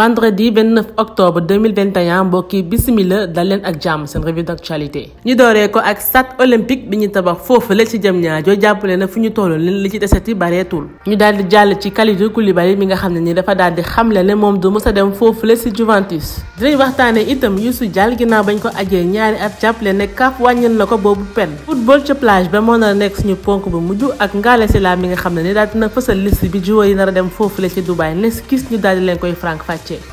vendredi 29 octobre mbokki bisimila dal ak jàmm seen revue d'actualité ñu dooree ko ak stade olympique bi ñu tabax foofu la ci jëm ñaajoo jàppale na fu ñu tollu leen ci deseti ni dafa a dem foofu la ci Juventus waxtaane itam Youssou Diall ginnaaw bañ ko ajee ñaari at jàppale ne CAF wàññil na ko boobu pen football ca plage ba moo nar a nekk suñu ponk bu mujj ak Ngale Sylla nga xam ne ni daal dina fësal liste bi joueur nar a dem foofu la ci Dubaï nes gis ñu daal di leen koy frank fàcc Okay.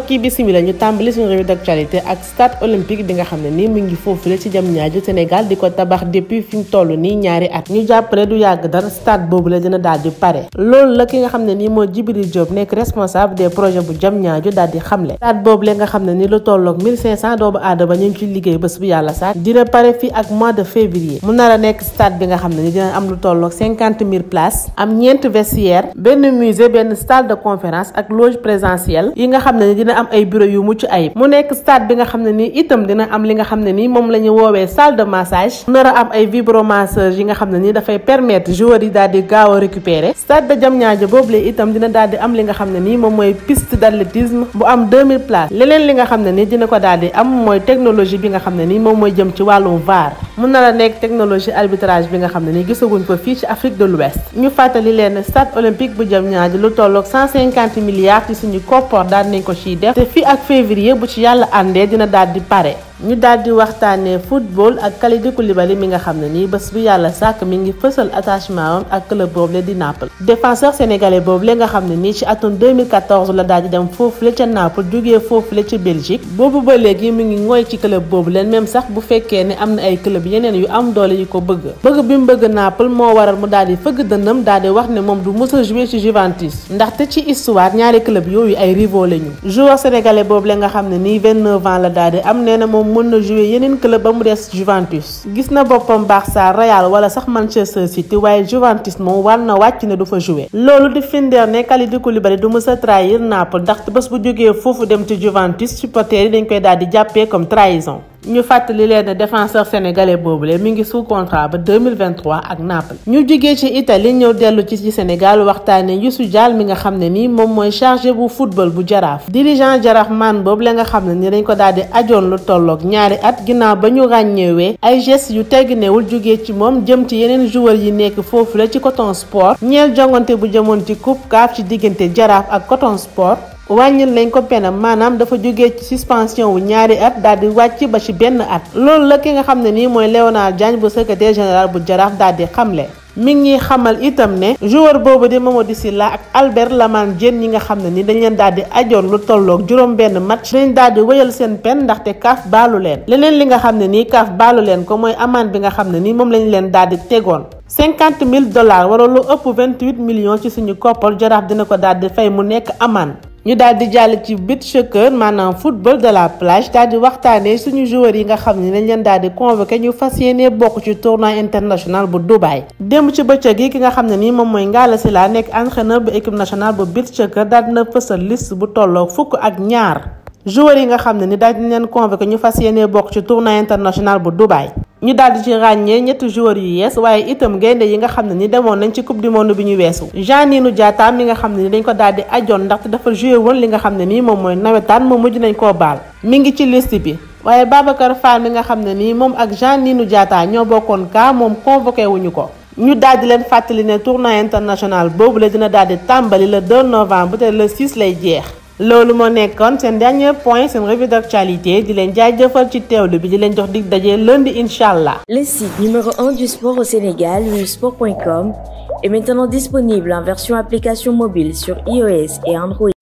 kii bisimila ñu tambali suñu revue d'actualité ak stade olympique bi nga xam ne nii mu ngi foofule ci jam ñaajo Sénégal di ko tabax depuis fi mu toll nii ñaari at ñu jàppale du yàgg dara stade boobu la dina daal di pare loolu la ki nga xam ne nii moo Djibril Diop nekk responsable des projets bu jam ñaajo daal di xamle stade boobu la nga xam ne ni lu tolloog 1500 doomu aadama ñu ci liggéey bés bu yàlla sax dina pare fii ak mois de février mu nar a nekk stade bi nga xam ne ni dina am lu tolloog 50 mille places am ñeent vestiaire benn musée benn salle de conférence ak loge présentiel yi nga xam ne ni dina am ay bureau yu mucc ay mu nekk stade bi nga xam ne nii itam dina am li nga xam ne nii moom la ñu woowee salle massage nar am ay vibromasseur yi nga xam ne nii dafay permettre joueurs yi daal di gaaw a récupérer stade de boobu boobule itam dina daal di am li nga xam ne nii moom mooy piste d'athlétisme bu am 2000 places leen li nga xam ne nii dina ko daal di am mooy technologie bi nga xam ne nii moom mooy jëm ci wàllum VAR mun na la nekk technologie arbitrage bi nga xam ne ni gisaguñ ko fii ci Afrique de l'Ouest ñu fàttali leen stade olympique bu Diamniadio lu tolloog 150 milliards ci suñu koppor daal nañ ko ciy def te fii ak février bu ci yàlla àndee dina daal di pare ñu daal di waxtaanee football ak Kalidou Koulibaly mi nga xam ne nii bés bu yàlla sàkk mi ngi fësal attachement am ak club boobule di Naples. défenseur sénégalais boobule nga xam ne nii ci atum 2014 la daal di dem foofule ca Naples jugee foofule ca Belgique boobu ba léegi mi ngi ngooy ci club boobu leen même sax bu fekkee ne am na ay club yeneen yu am doole yu ko bëgg bëgg bi mu bëgg Naples moo waral mu daal di fëgg dënnam daal di wax ne moom du mës a joué ci Juventus ndaxte ci ñaari club yooyu ay rivaux lañu joueur sénégalais boobu le xam ne nii moom mën na jouer yeneen club ba mu des Juventus gis na boppam Barça Real wala sax Manchester City waaye Juventus moom war na wàcc ne du fa jouer loolu di findeer ne Kalidou Koulibaly du mës a trahir Naples ndax bés bu jógee foofu dem ci Juventus supporters yi dañ koy daal di jàppee comme trahison ñu fàttali leen défenseur boobu boobule mi ngi sous contrat ba 2023 ak Naples ñu jugee ci Italie ñëw dellu ci ci Sénégal waxtaane Youssou Dial mi nga xam ne nii moom mooy chargé bu football bu jaraaf dirigeant jaraaf man boobu la nga xam ne ni dañ ko daal di ajoon lu tolloog ñaari at ginnaaw ba ñu ràññeewee ay gestes yu tegginewul jóge ci moom jëm ci yeneen joueurs yi nekk foofu la ci Coton Sport ñeel jongante bu jëmoon ci coupe CAF ci diggante jaraaf ak Coton wàññil nañ ko penam maanaam dafa jógee ci suspension wu ñaari at daal di wàcc ba ci benn at loolu la ki nga xam ne nii mooy Léonard Diagne bu secrétaire général bu jaraaf daal di xamle mi ngi xamal itam ne joueur boobu di Mamadou Sylla ak Albert Lamane Diène ñi nga xam ne nii dañ leen daal di ajoon lu tolloog juróom benn match dañ daal di wëyal seen pen ndaxte kaaf baalu leen leneen li nga xam ne nii kaaf baalu leen ko mooy amende bi nga xam ne ni moom lañ leen daal di tegoon cinquante mille dollars wala lu ëpp vingt-huit millions ci suñu koppar jaraaf dina ko daal di fay mu nekk amende ñu daal di jàll ci beach soccer maanaam football de la plage daal waxtaanee suñu joueurs yi nga xam ni dañ leen daal di convoqué ñu fas yéene bokk ci tournoi international bu Dubaay. démb ci bëccëg yi ki nga xam ne nii moom mooy Ngalla Sylla nekk entraîneur bu équipe nationale bu beach soccer daal dina fësal liste bu tolloo fukk ak ñaar joueurs yi nga xam ne ni daal di leen convoqué ñu fas yéene bokk ci tournoi international bu Dubaay. ñu daal di ci ràññee ñetti joueurs yi yees waaye itam gaynde yi nga xam ne ni demoon nañ ci coupe du monde bi ñu weesu Janinu Diatta mi nga xam ne ni dañ ko daal di ndax ndaxte dafa joué woon li nga xam ne nii moom mooy nawetaan moom mujj nañ koo baal mi ngi ci liste bi waaye Babacar Fall li nga xam ne nii moom ak Janinu Diatta ñoo bokkoon kaa moom convoqué wuñu ko ñu daal di leen fàttali ne tournoi international boobu la dina daal di tàmbali le 2 novembre te le 6 lay jeex loolu moo nekkoon seen dernier point seen revue d'actualité di leen jaajëfal ci teewlu bi di leen jox dig daje lundi incha allah. Le site numéro 1 du sport au Sénégal, sport.com, est maintenant disponible en version application mobile sur iOS et Android.